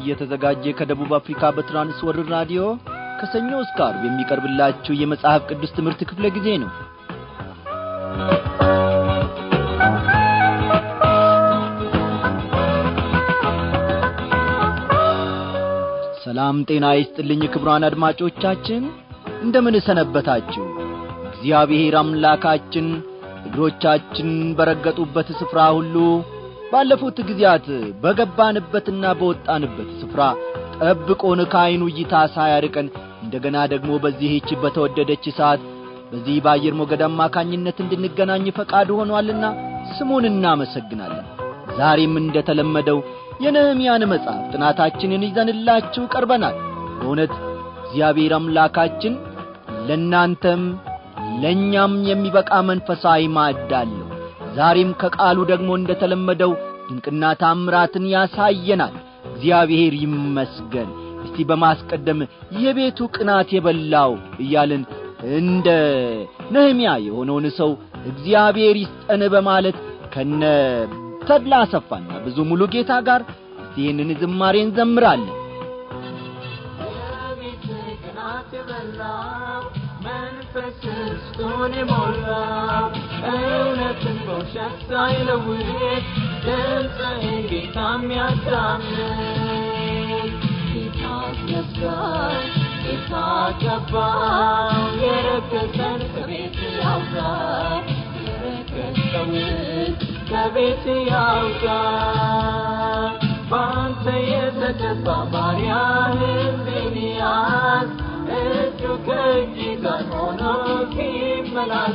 እየተዘጋጀ ከደቡብ አፍሪካ በትራንስ ወርልድ ራዲዮ ከሰኞ እስከ ዓርብ የሚቀርብላችሁ የመጽሐፍ ቅዱስ ትምህርት ክፍለ ጊዜ ነው። ሰላም ጤና ይስጥልኝ ክብሯን አድማጮቻችን፣ እንደምን ሰነበታችሁ? እግዚአብሔር አምላካችን እግሮቻችን በረገጡበት ስፍራ ሁሉ ባለፉት ጊዜያት በገባንበትና በወጣንበት ስፍራ ጠብቆን ከዐይኑ እይታ ሳያርቀን እንደገና ደግሞ በዚህች በተወደደች ሰዓት በዚህ በአየር ሞገድ አማካኝነት እንድንገናኝ ፈቃድ ሆኗልና ስሙን እናመሰግናለን። ዛሬም እንደ ተለመደው የነህምያን መጽሐፍ ጥናታችንን ይዘንላችሁ ቀርበናል። በእውነት እግዚአብሔር አምላካችን ለእናንተም ለእኛም የሚበቃ መንፈሳዊ ማዕድ አለው። ዛሬም ከቃሉ ደግሞ እንደተለመደው ድንቅና ታምራትን ያሳየናል እግዚአብሔር ይመስገን እስቲ በማስቀደም የቤቱ ቅናት የበላው እያልን እንደ ነህምያ የሆነውን ሰው እግዚአብሔር ይስጠን በማለት ከነ ተድላ አሰፋና ብዙ ሙሉ ጌታ ጋር ይህንን ዝማሬ እንዘምራለን فستسقوني مرة أنا تنبوش السايلة ويت تلزقي طعم يا طعمي يتعصبان يتعصبان يا رب تنسبيت الأوزار يا رب تنسبيت كبيتي أوزار وأنت يدك الضمار يا الدنيا كيدا هنا في ملعب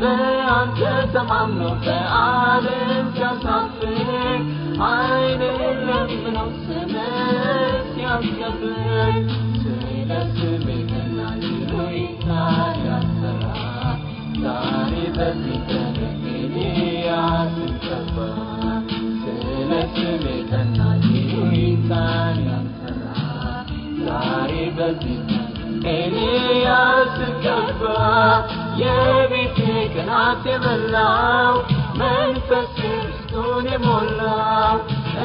لأنت تمام فعالم كسافك عين اللي من السماس يسكبك سيد السمك العير إيطاليا سرع داري بسي تنكيني عاسم كفا سيد السمك العير إيطاليا سرع داري بسي تنكيني ኤልያስ ገባ የቤት ቅናት የመላው መንፈስ ቅዱስቱን የሞላው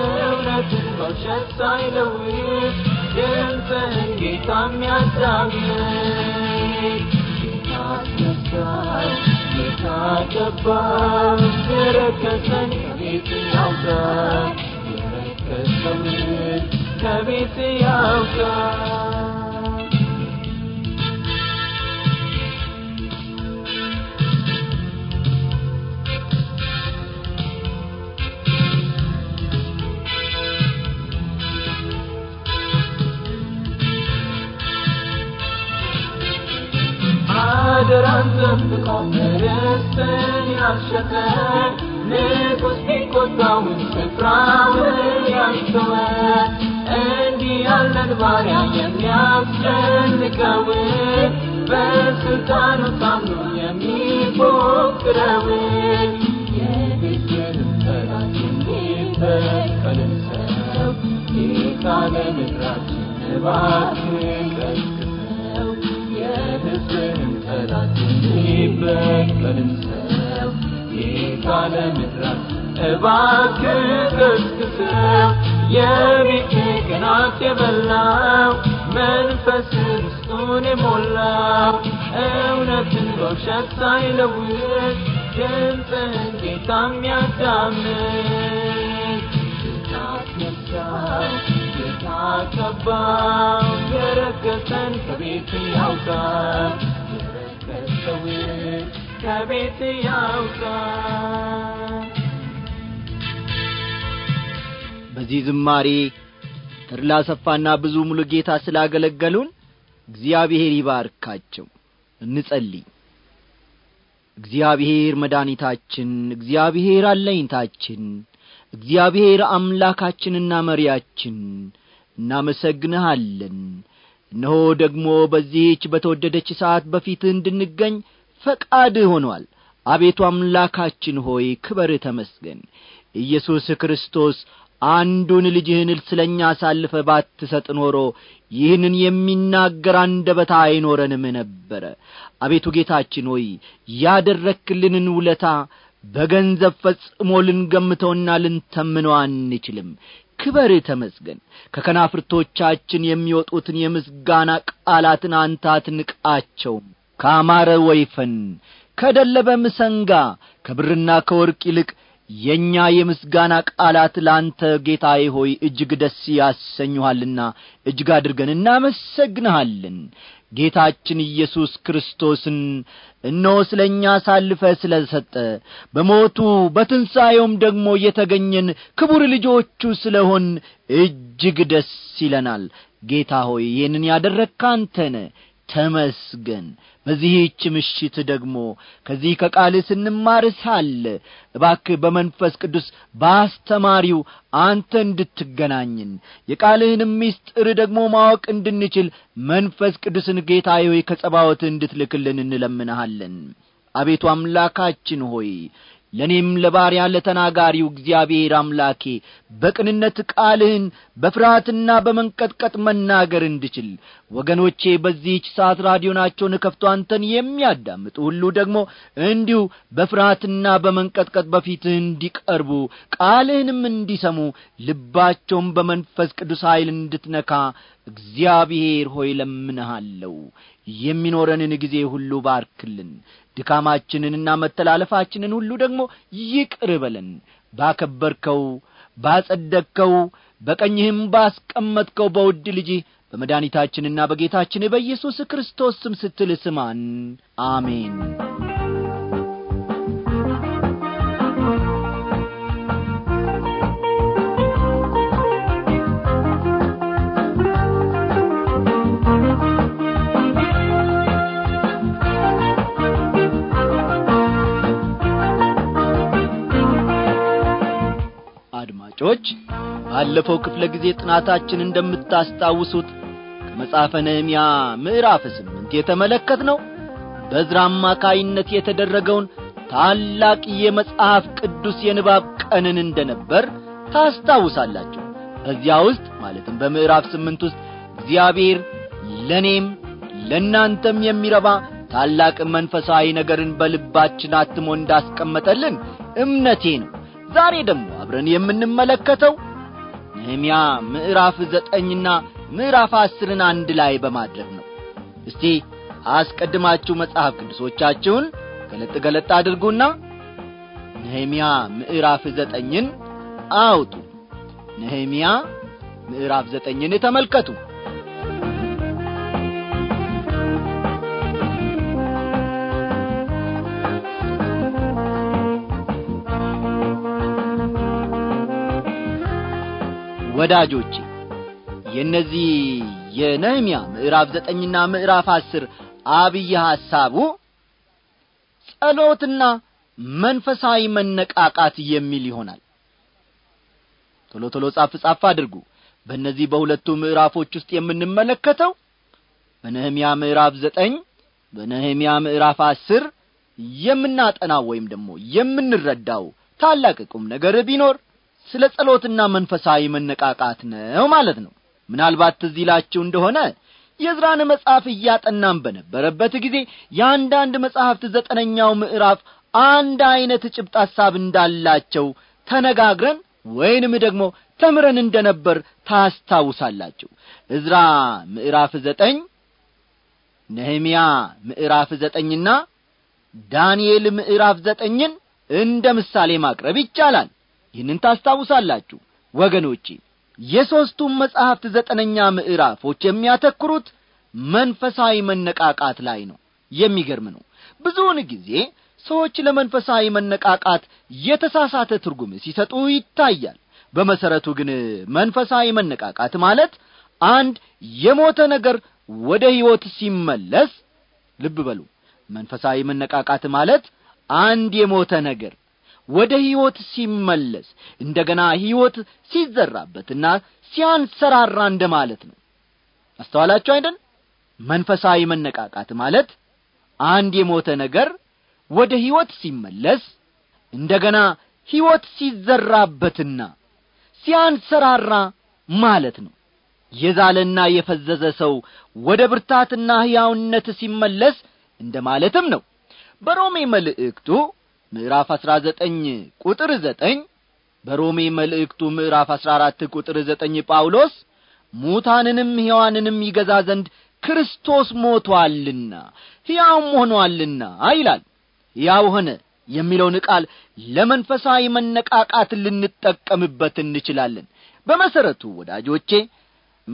እውነትን በውሸት ሳይለውጥ ድምፅህን ጌታ የሚያዳምጥ ጌታ አስነሳ ጌታ ገባ የረከሰን ከቤት ያውጣ የረከሰውን ከቤት ያውጣ አደራን ጠብቆ ርስትን ያልሸጠ ንጉሥ ቢቆጣውን ስፍራውን ያልተወ እንዲህ ያለን ባሪያ የሚያስጨንቀው በስልጣኑ ታምኖ የሚፎክረው የግድን ምድራችን እባክህ ቀስቅሰው የሕዝብህን ጠላት ይበቀልም ሰው ጌታ ለመጥራት እባክህ ቀስቅሰው የቤትህ ቅናት እውነትን በውሸት ሳይለውጥ ድምፅህን ጌታ የሚያዳምጥ ታነሳው ታከባው የረከሰን ከቤት ያውጣ ሰው ከቤት ያውጣ። በዚህ ዝማሬ ትርላ ሰፋና ብዙ ሙሉ ጌታ ስላገለገሉን እግዚአብሔር ይባርካቸው። እንጸልይ። እግዚአብሔር መድኃኒታችን፣ እግዚአብሔር አለኝታችን፣ እግዚአብሔር አምላካችንና መሪያችን እናመሰግንሃለን። እነሆ ደግሞ በዚህች በተወደደች ሰዓት በፊት እንድንገኝ ፈቃድ ሆኗል አቤቱ አምላካችን ሆይ ክበር ተመስገን ኢየሱስ ክርስቶስ አንዱን ልጅህን ስለ እኛ አሳልፈ ባትሰጥ ኖሮ ይህንን የሚናገር አንደበታ አይኖረንም ነበረ አቤቱ ጌታችን ሆይ ያደረክልንን ውለታ በገንዘብ ፈጽሞ ልንገምተውና ልንተምነው አንችልም ክበር ተመስገን ከከናፍርቶቻችን የሚወጡትን የምስጋና ቃላትን አንተ አትንቃቸውም ካማረ ወይፈን ከደለበም ሰንጋ ከብርና ከወርቅ ይልቅ የእኛ የምስጋና ቃላት ለአንተ ጌታዬ ሆይ እጅግ ደስ ያሰኙሃልና እጅግ አድርገን እናመሰግንሃልን ጌታችን ኢየሱስ ክርስቶስን እኖ ስለ እኛ አሳልፈ ስለ ሰጠ በሞቱ በትንሣኤውም ደግሞ የተገኘን ክቡር ልጆቹ ስለ ሆን እጅግ ደስ ይለናል ጌታ ሆይ ይህንን ያደረግከ አንተነ ተመስገን። በዚህች ምሽት ደግሞ ከዚህ ከቃል ስንማር ሳለ እባክህ በመንፈስ ቅዱስ ባስተማሪው አንተ እንድትገናኝን የቃልህንም ምስጢር ደግሞ ማወቅ እንድንችል መንፈስ ቅዱስን ጌታ ሆይ ከጸባዖት እንድትልክልን እንለምንሃለን። አቤቱ አምላካችን ሆይ ለእኔም ለባሪያ ለተናጋሪው እግዚአብሔር አምላኬ በቅንነት ቃልህን በፍርሃትና በመንቀጥቀጥ መናገር እንድችል ወገኖቼ በዚህች ሰዓት ራዲዮናቸውን ከፍቶ አንተን የሚያዳምጡ ሁሉ ደግሞ እንዲሁ በፍርሃትና በመንቀጥቀጥ በፊትህ እንዲቀርቡ ቃልህንም እንዲሰሙ ልባቸውን በመንፈስ ቅዱስ ኃይል እንድትነካ እግዚአብሔር ሆይ ለምንሃለው የሚኖረንን ጊዜ ሁሉ ባርክልን ድካማችንንና መተላለፋችንን ሁሉ ደግሞ ይቅር በለን ባከበርከው ባጸደቅከው በቀኝህም ባስቀመጥከው በውድ ልጅህ በመድኒታችንና በጌታችን በኢየሱስ ክርስቶስ ስም ስትል ስማን አሜን አድማጮች ባለፈው ክፍለ ጊዜ ጥናታችን እንደምታስታውሱት ከመጽሐፈ ነህምያ ምዕራፍ ስምንት የተመለከት ነው በዝራ አማካይነት የተደረገውን ታላቅ የመጽሐፍ ቅዱስ የንባብ ቀንን እንደነበር ታስታውሳላችሁ በዚያ ውስጥ ማለትም በምዕራፍ ስምንት ውስጥ እግዚአብሔር ለእኔም ለእናንተም የሚረባ ታላቅ መንፈሳዊ ነገርን በልባችን አትሞ እንዳስቀመጠልን እምነቴ ነው ዛሬ ደግሞ አብረን የምንመለከተው ነህምያ ምዕራፍ ዘጠኝና ምዕራፍ አስርን አንድ ላይ በማድረግ ነው እስቲ አስቀድማችሁ መጽሐፍ ቅዱሶቻችሁን ገለጥ ገለጥ አድርጉና ነህምያ ምዕራፍ ዘጠኝን አውጡ ነህምያ ምዕራፍ ዘጠኝን ተመልከቱ ወዳጆቼ የእነዚህ የነህምያ ምዕራፍ ዘጠኝና ምዕራፍ አስር አብይ ሐሳቡ ጸሎትና መንፈሳዊ መነቃቃት የሚል ይሆናል ቶሎ ቶሎ ጻፍ ጻፍ አድርጉ በእነዚህ በሁለቱ ምዕራፎች ውስጥ የምንመለከተው በነህምያ ምዕራፍ ዘጠኝ በነህምያ ምዕራፍ አስር የምናጠናው ወይም ደግሞ የምንረዳው ታላቅ ቁም ነገር ቢኖር ስለ ጸሎትና መንፈሳዊ መነቃቃት ነው ማለት ነው ምናልባት ትዝ ይላችሁ እንደሆነ የዝራን መጽሐፍ እያጠናም በነበረበት ጊዜ የአንዳንድ መጽሐፍት ዘጠነኛው ምዕራፍ አንድ ዐይነት ጭብጥ ሐሳብ እንዳላቸው ተነጋግረን ወይንም ደግሞ ተምረን እንደነበር ታስታውሳላችሁ እዝራ ምዕራፍ ዘጠኝ ነህምያ ምዕራፍ ዘጠኝና ዳንኤል ምዕራፍ ዘጠኝን እንደ ምሳሌ ማቅረብ ይቻላል ይህንን ታስታውሳላችሁ ወገኖቼ የሦስቱም መጻሕፍት ዘጠነኛ ምዕራፎች የሚያተኩሩት መንፈሳዊ መነቃቃት ላይ ነው የሚገርም ነው ብዙውን ጊዜ ሰዎች ለመንፈሳዊ መነቃቃት የተሳሳተ ትርጉም ሲሰጡ ይታያል በመሠረቱ ግን መንፈሳዊ መነቃቃት ማለት አንድ የሞተ ነገር ወደ ሕይወት ሲመለስ ልብ በሉ መንፈሳዊ መነቃቃት ማለት አንድ የሞተ ነገር ወደ ሕይወት ሲመለስ እንደገና ሕይወት ሲዘራበትና ሲያንሰራራ እንደ ማለት ነው አስተዋላችሁ አይደል መንፈሳዊ መነቃቃት ማለት አንድ የሞተ ነገር ወደ ሕይወት ሲመለስ እንደገና ሕይወት ሲዘራበትና ሲያንሰራራ ማለት ነው የዛለና የፈዘዘ ሰው ወደ ብርታትና ሕያውነት ሲመለስ እንደ ማለትም ነው በሮሜ መልእክቱ ምዕራፍ 19 ዘጠኝ ቁጥር ዘጠኝ በሮሜ መልእክቱ ምዕራፍ 14 አራት ቁጥር ዘጠኝ ጳውሎስ ሙታንንም ሕያዋንንም ይገዛ ዘንድ ክርስቶስ ሞቶአልና ሕያውም ሆኖአልና ይላል ሕያው ሆነ የሚለውን ቃል ለመንፈሳዊ መነቃቃት ልንጠቀምበት እንችላለን በመሠረቱ ወዳጆቼ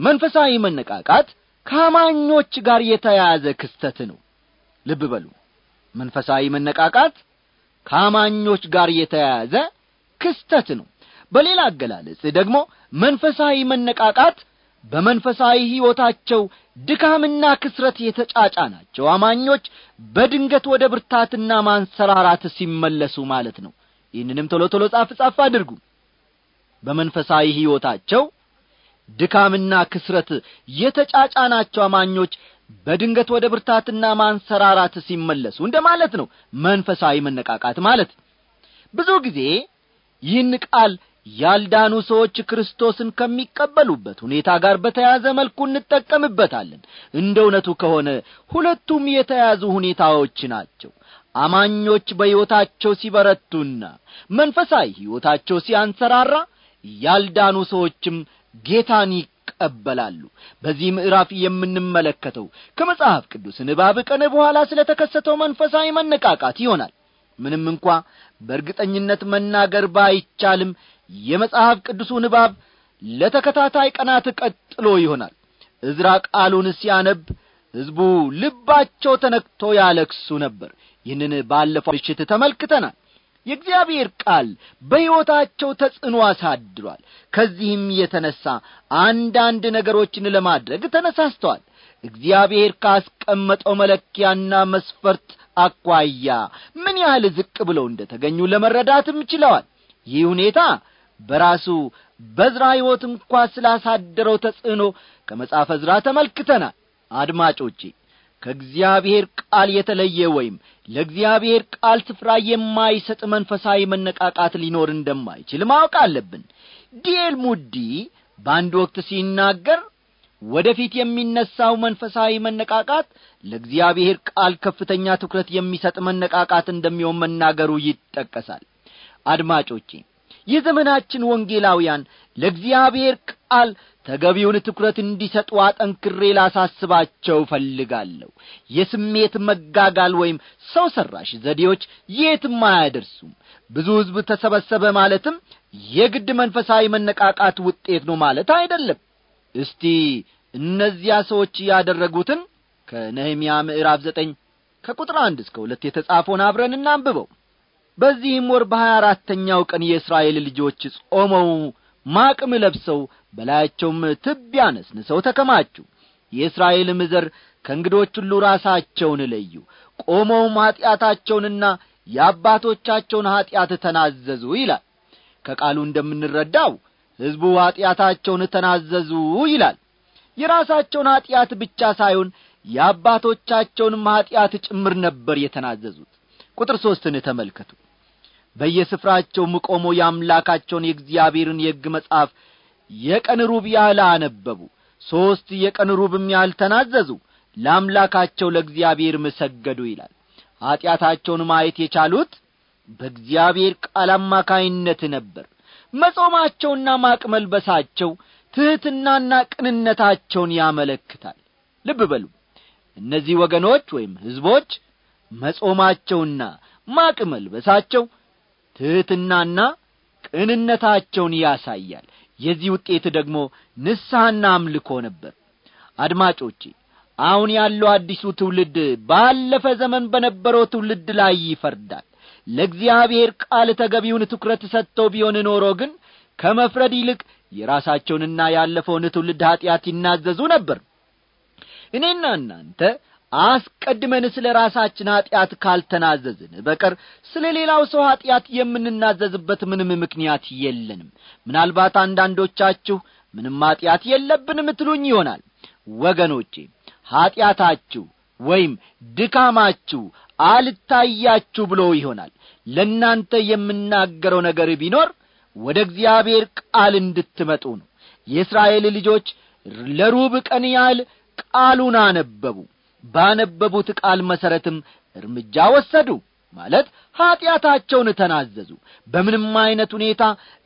መንፈሳዊ መነቃቃት ከአማኞች ጋር የተያያዘ ክስተት ነው ልብ በሉ መንፈሳዊ መነቃቃት ከአማኞች ጋር የተያያዘ ክስተት ነው በሌላ አገላለጽ ደግሞ መንፈሳዊ መነቃቃት በመንፈሳዊ ሕይወታቸው ድካምና ክስረት የተጫጫ ናቸው አማኞች በድንገት ወደ ብርታትና ማንሰራራት ሲመለሱ ማለት ነው ይህንንም ቶሎ ቶሎ ጻፍ ጻፍ አድርጉ በመንፈሳዊ ሕይወታቸው ድካምና ክስረት የተጫጫናቸው አማኞች በድንገት ወደ ብርታትና ማንሰራራት ሲመለሱ እንደ ማለት ነው መንፈሳዊ መነቃቃት ማለት ብዙ ጊዜ ይህን ቃል ያልዳኑ ሰዎች ክርስቶስን ከሚቀበሉበት ሁኔታ ጋር በተያዘ መልኩ እንጠቀምበታለን እንደ እውነቱ ከሆነ ሁለቱም የተያዙ ሁኔታዎች ናቸው አማኞች በሕይወታቸው ሲበረቱና መንፈሳዊ ሕይወታቸው ሲያንሰራራ ያልዳኑ ሰዎችም ጌታን ይቀበላሉ በዚህ ምዕራፍ የምንመለከተው ከመጽሐፍ ቅዱስ ንባብ ቀን በኋላ ስለ ተከሰተው መንፈሳዊ መነቃቃት ይሆናል ምንም እንኳ በእርግጠኝነት መናገር ባይቻልም የመጽሐፍ ቅዱሱ ንባብ ለተከታታይ ቀናት ቀጥሎ ይሆናል እዝራ ቃሉን ሲያነብ ሕዝቡ ልባቸው ተነክቶ ያለክሱ ነበር ይህንን ባለፈው ምሽት ተመልክተናል የእግዚአብሔር ቃል በሕይወታቸው ተጽዕኖ አሳድሯል። ከዚህም የተነሣ አንዳንድ ነገሮችን ለማድረግ ተነሳስተዋል። እግዚአብሔር ካስቀመጠው መለኪያና መስፈርት አኳያ ምን ያህል ዝቅ ብለው እንደ ተገኙ ለመረዳትም ችለዋል። ይህ ሁኔታ በራሱ በዝራ ሕይወት እንኳ ስላሳደረው ተጽዕኖ ከመጽሐፈ ዝራ ተመልክተናል። አድማጮቼ ከእግዚአብሔር ቃል የተለየ ወይም ለእግዚአብሔር ቃል ስፍራ የማይሰጥ መንፈሳዊ መነቃቃት ሊኖር እንደማይችል ማወቅ አለብን ዲኤል ሙዲ በአንድ ወቅት ሲናገር ወደፊት የሚነሳው መንፈሳዊ መነቃቃት ለእግዚአብሔር ቃል ከፍተኛ ትኩረት የሚሰጥ መነቃቃት እንደሚሆን መናገሩ ይጠቀሳል አድማጮቼ የዘመናችን ወንጌላውያን ለእግዚአብሔር ቃል ተገቢውን ትኩረት እንዲሰጡ አጠንክሬ ላሳስባቸው ፈልጋለሁ የስሜት መጋጋል ወይም ሰው ሠራሽ ዘዴዎች የትም አያደርሱም ብዙ ሕዝብ ተሰበሰበ ማለትም የግድ መንፈሳዊ መነቃቃት ውጤት ነው ማለት አይደለም እስቲ እነዚያ ሰዎች ያደረጉትን ከነህምያ ምዕራፍ ዘጠኝ ከቁጥር አንድ እስከ ሁለት የተጻፈውን አብረን እናንብበው በዚህም ወር በሀያ አራተኛው ቀን የእስራኤል ልጆች ጾመው ማቅም ለብሰው በላያቸውም ትቢያ ነስንሰው ተከማችሁ የእስራኤልም ዘር ከእንግዶች ሁሉ ራሳቸውን እለዩ ቆመውም ኀጢአታቸውንና የአባቶቻቸውን ኀጢአት ተናዘዙ ይላል ከቃሉ እንደምንረዳው ሕዝቡ ኀጢአታቸውን ተናዘዙ ይላል የራሳቸውን ኀጢአት ብቻ ሳይሆን የአባቶቻቸውንም ኀጢአት ጭምር ነበር የተናዘዙት ቁጥር ሦስትን ተመልከቱ በየስፍራቸውም ቆሞ የአምላካቸውን የእግዚአብሔርን የሕግ መጽሐፍ የቀን ሩብ ያህል አነበቡ ሦስት የቀን ሩብም ያህል ተናዘዙ ለአምላካቸው ለእግዚአብሔር መሰገዱ ይላል ኀጢአታቸውን ማየት የቻሉት በእግዚአብሔር ቃል አማካይነት ነበር መጾማቸውና ማቅ መልበሳቸው ትሕትናና ቅንነታቸውን ያመለክታል ልብ በሉ እነዚህ ወገኖች ወይም ሕዝቦች መጾማቸውና ማቅ መልበሳቸው ትሕትናና ቅንነታቸውን ያሳያል የዚህ ውጤት ደግሞ ንስሐና አምልኮ ነበር አድማጮቼ አሁን ያለው አዲሱ ትውልድ ባለፈ ዘመን በነበረው ትውልድ ላይ ይፈርዳል ለእግዚአብሔር ቃል ተገቢውን ትኩረት ሰጥተው ቢሆን ኖሮ ግን ከመፍረድ ይልቅ የራሳቸውንና ያለፈውን ትውልድ ኀጢአት ይናዘዙ ነበር እኔና እናንተ አስቀድመን ስለ ራሳችን ኀጢአት ካልተናዘዝን በቀር ስለ ሌላው ሰው ኀጢአት የምንናዘዝበት ምንም ምክንያት የለንም ምናልባት አንዳንዶቻችሁ ምንም ኀጢአት የለብንም ትሉኝ ይሆናል ወገኖቼ ኀጢአታችሁ ወይም ድካማችሁ አልታያችሁ ብሎ ይሆናል ለእናንተ የምናገረው ነገር ቢኖር ወደ እግዚአብሔር ቃል እንድትመጡ ነው የእስራኤል ልጆች ለሩብ ቀን ያህል ቃሉን አነበቡ ባነበቡት ቃል መሠረትም እርምጃ ወሰዱ ማለት ኀጢአታቸውን ተናዘዙ በምንም ዐይነት ሁኔታ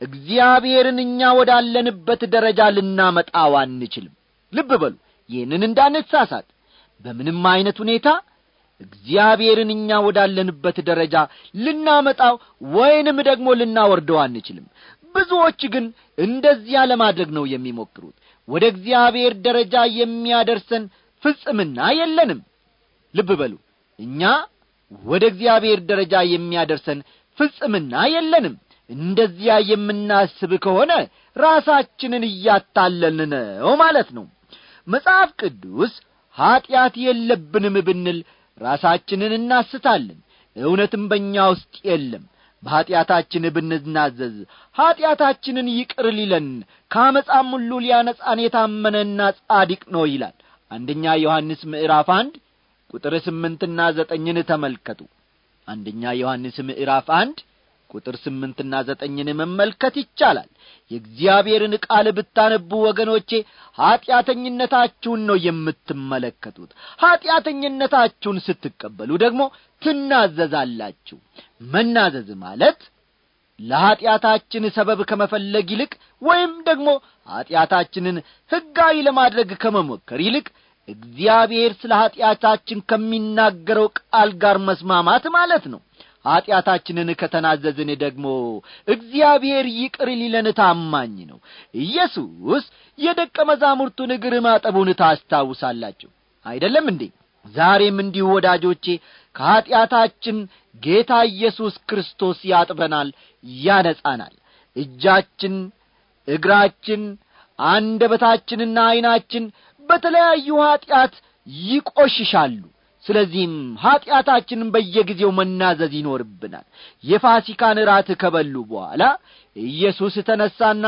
እግዚአብሔርን እኛ ወዳለንበት ደረጃ ልናመጣው አንችልም ልብ በሉ ይህንን እንዳንሳሳት በምንም ዐይነት ሁኔታ እግዚአብሔርን እኛ ወዳለንበት ደረጃ ልናመጣው ወይንም ደግሞ ልናወርደው አንችልም ብዙዎች ግን እንደዚያ ለማድረግ ነው የሚሞክሩት ወደ እግዚአብሔር ደረጃ የሚያደርሰን ፍጽምና የለንም ልብ በሉ እኛ ወደ እግዚአብሔር ደረጃ የሚያደርሰን ፍጽምና የለንም እንደዚያ የምናስብ ከሆነ ራሳችንን እያታለን ነው ማለት ነው መጽሐፍ ቅዱስ ኀጢአት የለብንም ብንል ራሳችንን እናስታለን እውነትም በእኛ ውስጥ የለም በኀጢአታችን ብንናዘዝ ኀጢአታችንን ይቅር ሊለን ከአመፃም ሁሉ ሊያነጻን የታመነና ጻድቅ ነው ይላል አንደኛ ዮሐንስ ምዕራፍ አንድ ቁጥር ስምንትና ዘጠኝን ተመልከቱ አንደኛ ዮሐንስ ምዕራፍ አንድ ቁጥር ስምንትና ዘጠኝን መመልከት ይቻላል የእግዚአብሔርን ቃል ብታነቡ ወገኖቼ ኀጢአተኝነታችሁን ነው የምትመለከቱት ኀጢአተኝነታችሁን ስትቀበሉ ደግሞ ትናዘዛላችሁ መናዘዝ ማለት ለኀጢአታችን ሰበብ ከመፈለግ ይልቅ ወይም ደግሞ ኀጢአታችንን ሕጋዊ ለማድረግ ከመሞከር ይልቅ እግዚአብሔር ስለ ኀጢአታችን ከሚናገረው ቃል ጋር መስማማት ማለት ነው ኀጢአታችንን ከተናዘዝን ደግሞ እግዚአብሔር ይቅር ሊለን ታማኝ ነው ኢየሱስ የደቀ መዛሙርቱን እግር ማጠቡን ታስታውሳላችሁ አይደለም እንዴ ዛሬም እንዲሁ ወዳጆቼ ከኀጢአታችን ጌታ ኢየሱስ ክርስቶስ ያጥበናል ያነጻናል እጃችን እግራችን አንደበታችንና ዐይናችን በተለያዩ ኀጢአት ይቈሽሻሉ ስለዚህም ኀጢአታችንን በየጊዜው መናዘዝ ይኖርብናል የፋሲካን ራት ከበሉ በኋላ ኢየሱስ ተነሣና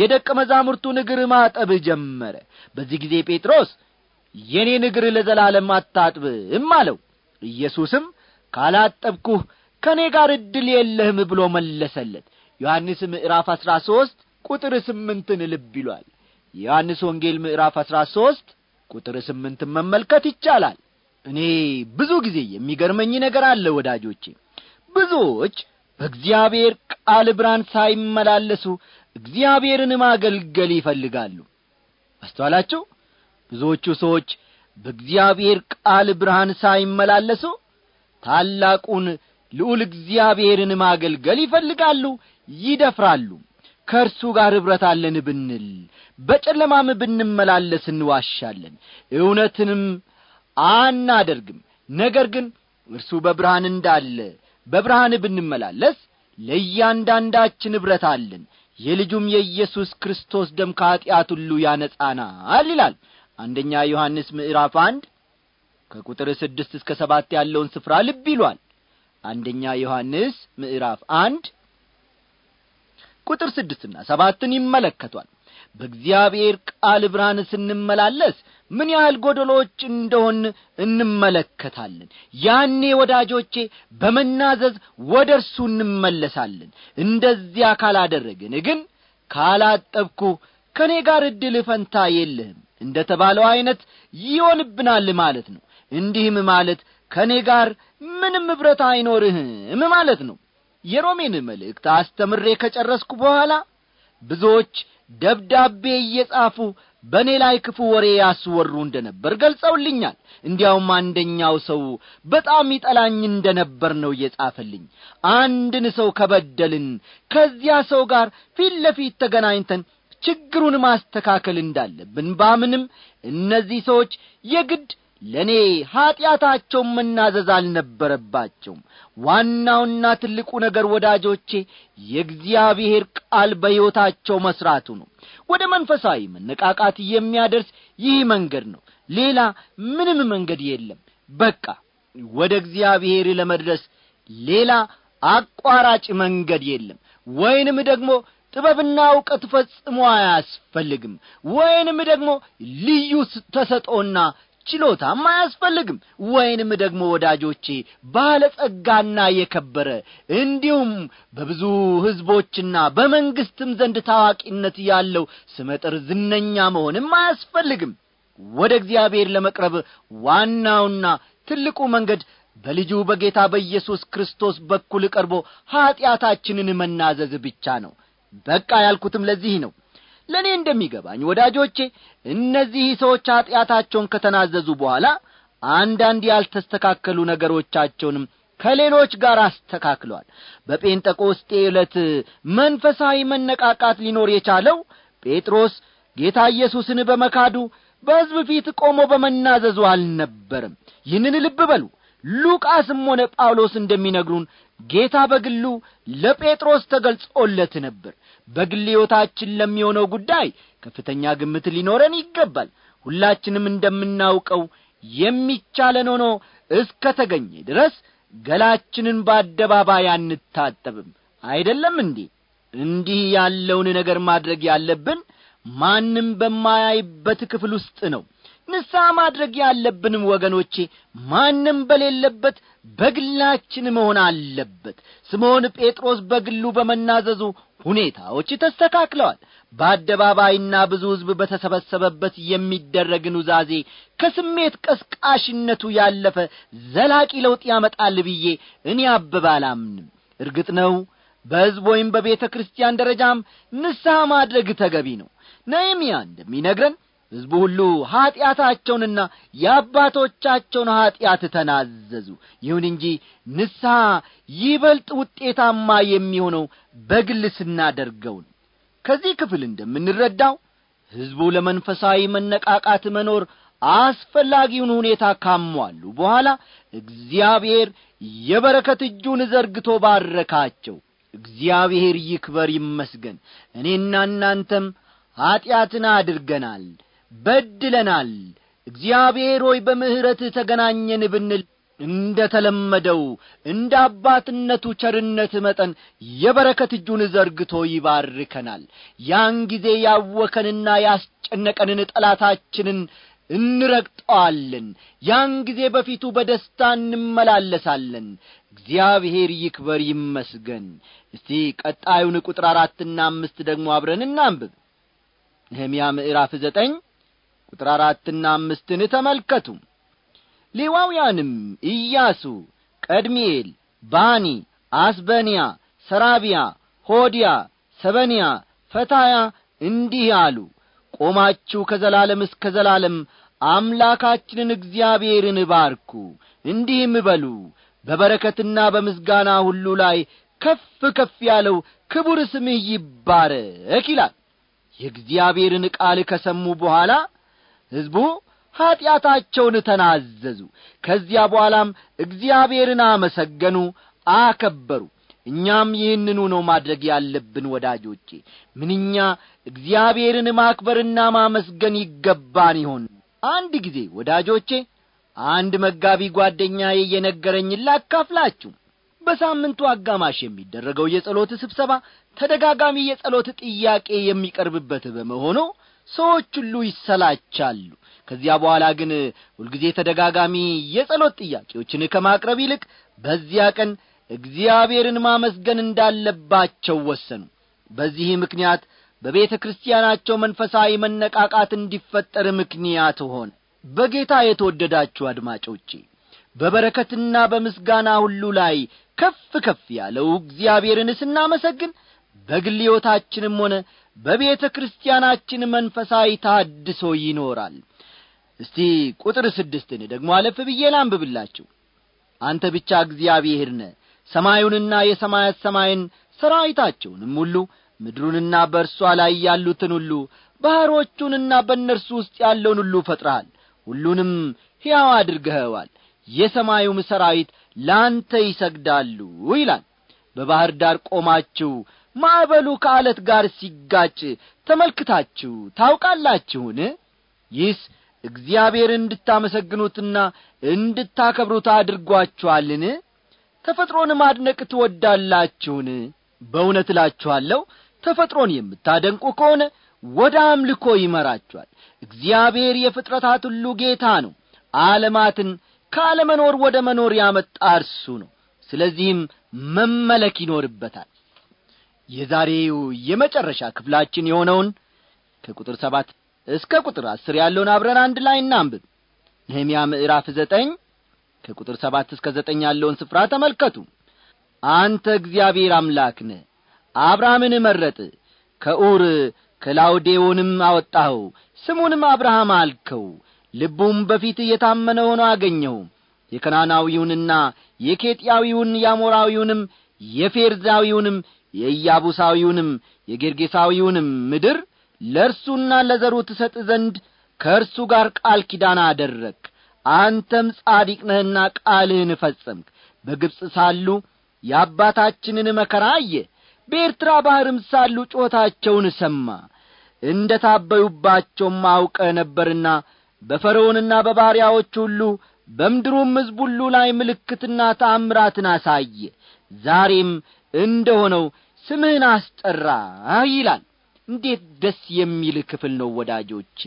የደቀ መዛሙርቱ እግር ማጠብ ጀመረ በዚህ ጊዜ ጴጥሮስ የእኔ እግር ለዘላለም አታጥብም አለው ኢየሱስም ካላጠብኩህ ከእኔ ጋር ዕድል የለህም ብሎ መለሰለት ዮሐንስ ምዕራፍ አሥራ ሦስት ቁጥር ስምንትን ልብ ይሏል የዮሐንስ ወንጌል ምዕራፍ አሥራ ሦስት ቁጥር ስምንትን መመልከት ይቻላል እኔ ብዙ ጊዜ የሚገርመኝ ነገር አለ ወዳጆቼ ብዙዎች በእግዚአብሔር ቃል ብራን ሳይመላለሱ እግዚአብሔርን ማገልገል ይፈልጋሉ አስተዋላችሁ ብዙዎቹ ሰዎች በእግዚአብሔር ቃል ብርሃን ሳይመላለሱ ታላቁን ልዑል እግዚአብሔርን ማገልገል ይፈልጋሉ፣ ይደፍራሉ። ከእርሱ ጋር ኅብረት አለን ብንል በጨለማም ብንመላለስ እንዋሻለን፣ እውነትንም አናደርግም። ነገር ግን እርሱ በብርሃን እንዳለ በብርሃን ብንመላለስ ለእያንዳንዳችን ኅብረት አለን፣ የልጁም የኢየሱስ ክርስቶስ ደም ከኀጢአት ሁሉ ያነጻናል ይላል። አንደኛ ዮሐንስ ምዕራፍ አንድ ከቁጥር ስድስት እስከ ሰባት ያለውን ስፍራ ልብ ይሏል አንደኛ ዮሐንስ ምዕራፍ አንድ ቁጥር ስድስትና ሰባትን ይመለከቷል በእግዚአብሔር ቃል ብርሃን ስንመላለስ ምን ያህል ጎደሎች እንደሆን እንመለከታለን ያኔ ወዳጆቼ በመናዘዝ ወደ እርሱ እንመለሳለን እንደዚያ ካላደረግን ግን ካላጠብኩ ከእኔ ጋር እድል ፈንታ የለህም እንደ ተባለው ዐይነት ይሆንብናል ማለት ነው እንዲህም ማለት ከእኔ ጋር ምንም ኅብረት አይኖርህም ማለት ነው የሮሜን መልእክት አስተምሬ ከጨረስኩ በኋላ ብዙዎች ደብዳቤ እየጻፉ በእኔ ላይ ክፉ ወሬ ያስወሩ እንደ ነበር ገልጸውልኛል እንዲያውም አንደኛው ሰው በጣም ይጠላኝ እንደ ነበር ነው እየጻፈልኝ አንድን ሰው ከበደልን ከዚያ ሰው ጋር ፊት ለፊት ተገናኝተን ችግሩን ማስተካከል እንዳለብን ባምንም እነዚህ ሰዎች የግድ ለእኔ ኀጢአታቸውን መናዘዝ አልነበረባቸውም ዋናውና ትልቁ ነገር ወዳጆቼ የእግዚአብሔር ቃል በሕይወታቸው መሥራቱ ነው ወደ መንፈሳዊ መነቃቃት የሚያደርስ ይህ መንገድ ነው ሌላ ምንም መንገድ የለም በቃ ወደ እግዚአብሔር ለመድረስ ሌላ አቋራጭ መንገድ የለም ወይንም ደግሞ ጥበብና እውቀት ፈጽሞ አያስፈልግም ወይንም ደግሞ ልዩ ተሰጦና ችሎታም አያስፈልግም ወይንም ደግሞ ወዳጆቼ ባለጸጋና የከበረ እንዲሁም በብዙ ሕዝቦችና በመንግሥትም ዘንድ ታዋቂነት ያለው ስመጥር ዝነኛ መሆንም አያስፈልግም ወደ እግዚአብሔር ለመቅረብ ዋናውና ትልቁ መንገድ በልጁ በጌታ በኢየሱስ ክርስቶስ በኩል ቀርቦ ኀጢአታችንን መናዘዝ ብቻ ነው በቃ ያልኩትም ለዚህ ነው ለእኔ እንደሚገባኝ ወዳጆቼ እነዚህ ሰዎች ኀጢአታቸውን ከተናዘዙ በኋላ አንዳንድ ያልተስተካከሉ ነገሮቻቸውንም ከሌሎች ጋር አስተካክለዋል በጴንጠቆስጤ ዕለት መንፈሳዊ መነቃቃት ሊኖር የቻለው ጴጥሮስ ጌታ ኢየሱስን በመካዱ በሕዝብ ፊት ቆሞ በመናዘዙ አልነበርም ይህንን ልብ በሉ ሉቃስም ሆነ ጳውሎስ እንደሚነግሩን ጌታ በግሉ ለጴጥሮስ ተገልጾለት ነበር በግል ሕይወታችን ለሚሆነው ጉዳይ ከፍተኛ ግምት ሊኖረን ይገባል ሁላችንም እንደምናውቀው የሚቻለን ሆኖ እስከ ተገኘ ድረስ ገላችንን በአደባባይ አንታጠብም አይደለም እንዴ እንዲህ ያለውን ነገር ማድረግ ያለብን ማንም በማያይበት ክፍል ውስጥ ነው ንስሐ ማድረግ ያለብንም ወገኖቼ ማንም በሌለበት በግላችን መሆን አለበት ስምዖን ጴጥሮስ በግሉ በመናዘዙ ሁኔታዎች ተስተካክለዋል በአደባባይና ብዙ ሕዝብ በተሰበሰበበት የሚደረግ ኑዛዜ ከስሜት ቀስቃሽነቱ ያለፈ ዘላቂ ለውጥ ያመጣል ብዬ እኔ አብብ አላምንም እርግጥ ነው በሕዝብ ወይም በቤተ ክርስቲያን ደረጃም ንስሐ ማድረግ ተገቢ ነው ነህምያ እንደሚነግረን ሕዝቡ ሁሉ ኀጢአታቸውንና የአባቶቻቸውን ኀጢአት ተናዘዙ ይሁን እንጂ ንስሐ ይበልጥ ውጤታማ የሚሆነው በግል ስናደርገውን ከዚህ ክፍል እንደምንረዳው ሕዝቡ ለመንፈሳዊ መነቃቃት መኖር አስፈላጊውን ሁኔታ ካሟሉ በኋላ እግዚአብሔር የበረከት እጁን ዘርግቶ ባረካቸው እግዚአብሔር ይክበር ይመስገን እኔና እናንተም ኀጢአትን አድርገናል በድለናል እግዚአብሔር ሆይ በምሕረትህ ተገናኘን ብንል እንደ ተለመደው እንደ አባትነቱ ቸርነት መጠን የበረከት እጁን ዘርግቶ ይባርከናል ያን ጊዜ ያወከንና ያስጨነቀንን ጠላታችንን እንረግጠዋለን ያን ጊዜ በፊቱ በደስታ እንመላለሳለን እግዚአብሔር ይክበር ይመስገን እስቲ ቀጣዩን ቁጥር አራትና አምስት ደግሞ አብረን እናንብብ ነህምያ ምዕራፍ ዘጠኝ ቁጥር አራትና አምስትን ተመልከቱ ሌዋውያንም ኢያሱ ቀድሚኤል ባኒ አስበንያ ሰራቢያ ሆዲያ ሰበንያ ፈታያ እንዲህ አሉ ቆማችሁ ከዘላለም እስከ ዘላለም አምላካችንን እግዚአብሔርን ባርኩ እንዲህም በሉ በበረከትና በምስጋና ሁሉ ላይ ከፍ ከፍ ያለው ክቡር ስምህ ይባረክ ይላል የእግዚአብሔርን ቃል ከሰሙ በኋላ ሕዝቡ ኀጢአታቸውን ተናዘዙ ከዚያ በኋላም እግዚአብሔርን አመሰገኑ አከበሩ እኛም ይህንኑ ነው ማድረግ ያለብን ወዳጆቼ ምንኛ እግዚአብሔርን ማክበርና ማመስገን ይገባን ይሆን አንድ ጊዜ ወዳጆቼ አንድ መጋቢ ጓደኛዬ የነገረኝን ላካፍላችሁ በሳምንቱ አጋማሽ የሚደረገው የጸሎት ስብሰባ ተደጋጋሚ የጸሎት ጥያቄ የሚቀርብበት በመሆኑ ሰዎች ሁሉ ይሰላቻሉ ከዚያ በኋላ ግን ሁልጊዜ ተደጋጋሚ የጸሎት ጥያቄዎችን ከማቅረብ ይልቅ በዚያ ቀን እግዚአብሔርን ማመስገን እንዳለባቸው ወሰኑ በዚህ ምክንያት በቤተ ክርስቲያናቸው መንፈሳዊ መነቃቃት እንዲፈጠር ምክንያት ሆነ በጌታ የተወደዳችሁ አድማጮቼ በበረከትና በምስጋና ሁሉ ላይ ከፍ ከፍ ያለው እግዚአብሔርን ስናመሰግን በግል ሕይወታችንም ሆነ በቤተ ክርስቲያናችን መንፈሳዊ ታድሶ ይኖራል እስቲ ቁጥር ስድስትን ደግሞ አለፍ ብዬ ላንብብላችሁ አንተ ብቻ እግዚአብሔር ነ ሰማዩንና የሰማያት ሰማይን ሠራዊታቸውንም ሁሉ ምድሩንና በእርሷ ላይ ያሉትን ሁሉ ባሕሮቹንና በእነርሱ ውስጥ ያለውን ሁሉ ፈጥረሃል ሁሉንም ሕያው አድርገኸዋል የሰማዩም ሰራዊት ላንተ ይሰግዳሉ ይላል በባሕር ዳር ቆማችሁ ማዕበሉ ከዓለት ጋር ሲጋጭ ተመልክታችሁ ታውቃላችሁን ይህስ እግዚአብሔር እንድታመሰግኑትና እንድታከብሩት አድርጓችኋልን ተፈጥሮን ማድነቅ ትወዳላችሁን በእውነት እላችኋለሁ ተፈጥሮን የምታደንቁ ከሆነ ወደ አምልኮ ይመራችኋል እግዚአብሔር የፍጥረታት ሁሉ ጌታ ነው ዓለማትን ካለመኖር ወደ መኖር ያመጣ እርሱ ነው ስለዚህም መመለክ ይኖርበታል የዛሬው የመጨረሻ ክፍላችን የሆነውን ከቁጥር ሰባት እስከ ቁጥር አስር ያለውን አብረን አንድ ላይ እናንብብ ነህምያ ምዕራፍ ዘጠኝ ከቁጥር ሰባት እስከ ዘጠኝ ያለውን ስፍራ ተመልከቱ አንተ እግዚአብሔር አምላክ ነ አብርሃምን መረጥ ከኡር ከላውዴዎንም አወጣኸው ስሙንም አብርሃም አልከው ልቡም በፊት የታመነ ሆኖ አገኘው የከናናዊውንና የኬጥያዊውን የአሞራዊውንም የፌርዛዊውንም የኢያቡሳዊውንም የጌርጌሳዊውንም ምድር ለእርሱና ለዘሩ ትሰጥ ዘንድ ከእርሱ ጋር ቃል ኪዳን አደረግ አንተም ጻዲቅ ነህና ቃልህን ፈጸምክ በግብፅ ሳሉ የአባታችንን መከራ አየ በኤርትራ ባሕርም ሳሉ ጮታቸውን ሰማ እንደ ታበዩባቸውም አውቀ ነበርና በፈርዖንና በባሪያዎች ሁሉ በምድሩም ሕዝብ ሁሉ ላይ ምልክትና ታምራትን አሳየ ዛሬም እንደሆነው ስምህን አስጠራ ይላል እንዴት ደስ የሚል ክፍል ነው ወዳጆቼ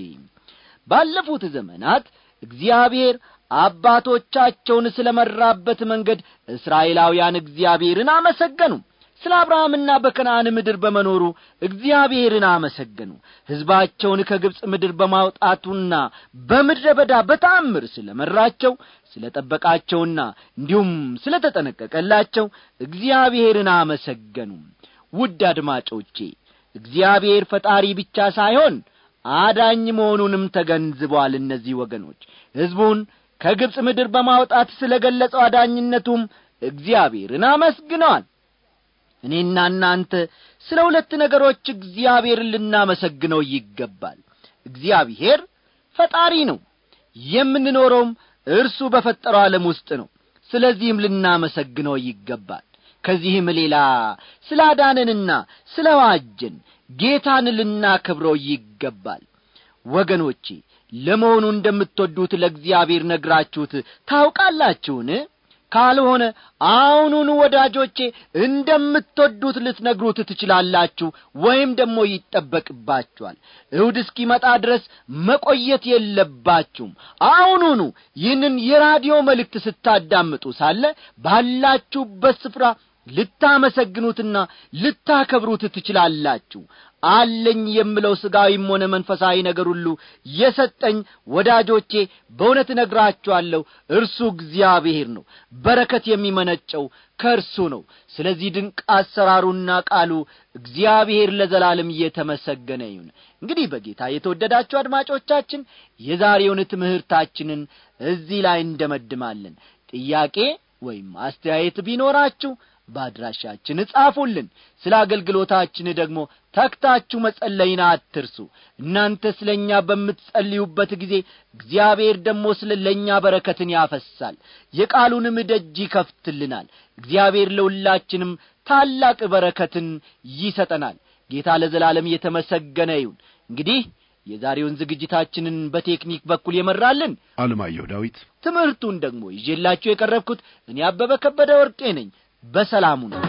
ባለፉት ዘመናት እግዚአብሔር አባቶቻቸውን ስለ መራበት መንገድ እስራኤላውያን እግዚአብሔርን አመሰገኑ ስለ አብርሃምና በከነአን ምድር በመኖሩ እግዚአብሔርን አመሰገኑ ሕዝባቸውን ከግብፅ ምድር በማውጣቱና በምድረ በዳ በታምር ስለ መራቸው ስለ ጠበቃቸውና እንዲሁም ስለ ተጠነቀቀላቸው እግዚአብሔርን አመሰገኑ ውድ አድማጮቼ እግዚአብሔር ፈጣሪ ብቻ ሳይሆን አዳኝ መሆኑንም ተገንዝበዋል እነዚህ ወገኖች ሕዝቡን ከግብፅ ምድር በማውጣት ስለ ገለጸው አዳኝነቱም እግዚአብሔርን አመስግነዋል እኔና እናንተ ስለ ሁለት ነገሮች እግዚአብሔር ልናመሰግነው ይገባል እግዚአብሔር ፈጣሪ ነው የምንኖረውም እርሱ በፈጠረው ዓለም ውስጥ ነው ስለዚህም ልናመሰግነው ይገባል ከዚህም ሌላ ስለ አዳነንና ስለ ዋጅን ጌታን ልናከብረው ይገባል ወገኖቼ ለመሆኑ እንደምትወዱት ለእግዚአብሔር ነግራችሁት ታውቃላችሁን ካልሆነ አሁኑኑ ወዳጆቼ እንደምትወዱት ልትነግሩት ትችላላችሁ ወይም ደግሞ ይጠበቅባችኋል እሁድ እስኪመጣ ድረስ መቆየት የለባችሁም አሁኑኑ ይህንን የራዲዮ መልእክት ስታዳምጡ ሳለ ባላችሁበት ስፍራ ልታመሰግኑትና ልታከብሩት ትችላላችሁ አለኝ የምለው ሥጋዊም ሆነ መንፈሳዊ ነገር ሁሉ የሰጠኝ ወዳጆቼ በእውነት እነግራችኋለሁ እርሱ እግዚአብሔር ነው በረከት የሚመነጨው ከእርሱ ነው ስለዚህ ድንቅ አሰራሩና ቃሉ እግዚአብሔር ለዘላለም እየተመሰገነ ይሁን እንግዲህ በጌታ የተወደዳችሁ አድማጮቻችን የዛሬውን ትምህርታችንን እዚህ ላይ እንደመድማለን ጥያቄ ወይም አስተያየት ቢኖራችሁ በአድራሻችን ጻፉልን ስለ አገልግሎታችን ደግሞ ተክታችሁ መጸለይን አትርሱ እናንተ ስለ እኛ በምትጸልዩበት ጊዜ እግዚአብሔር ደግሞ ስለ ለእኛ በረከትን ያፈሳል የቃሉንም ደጅ ይከፍትልናል እግዚአብሔር ለሁላችንም ታላቅ በረከትን ይሰጠናል ጌታ ለዘላለም የተመሰገነ ይሁን እንግዲህ የዛሬውን ዝግጅታችንን በቴክኒክ በኩል የመራልን አለማየሁ ዳዊት ትምህርቱን ደግሞ ይዤላችሁ የቀረብኩት እኔ አበበ ከበደ ወርቄ ነኝ በሰላሙ ነው።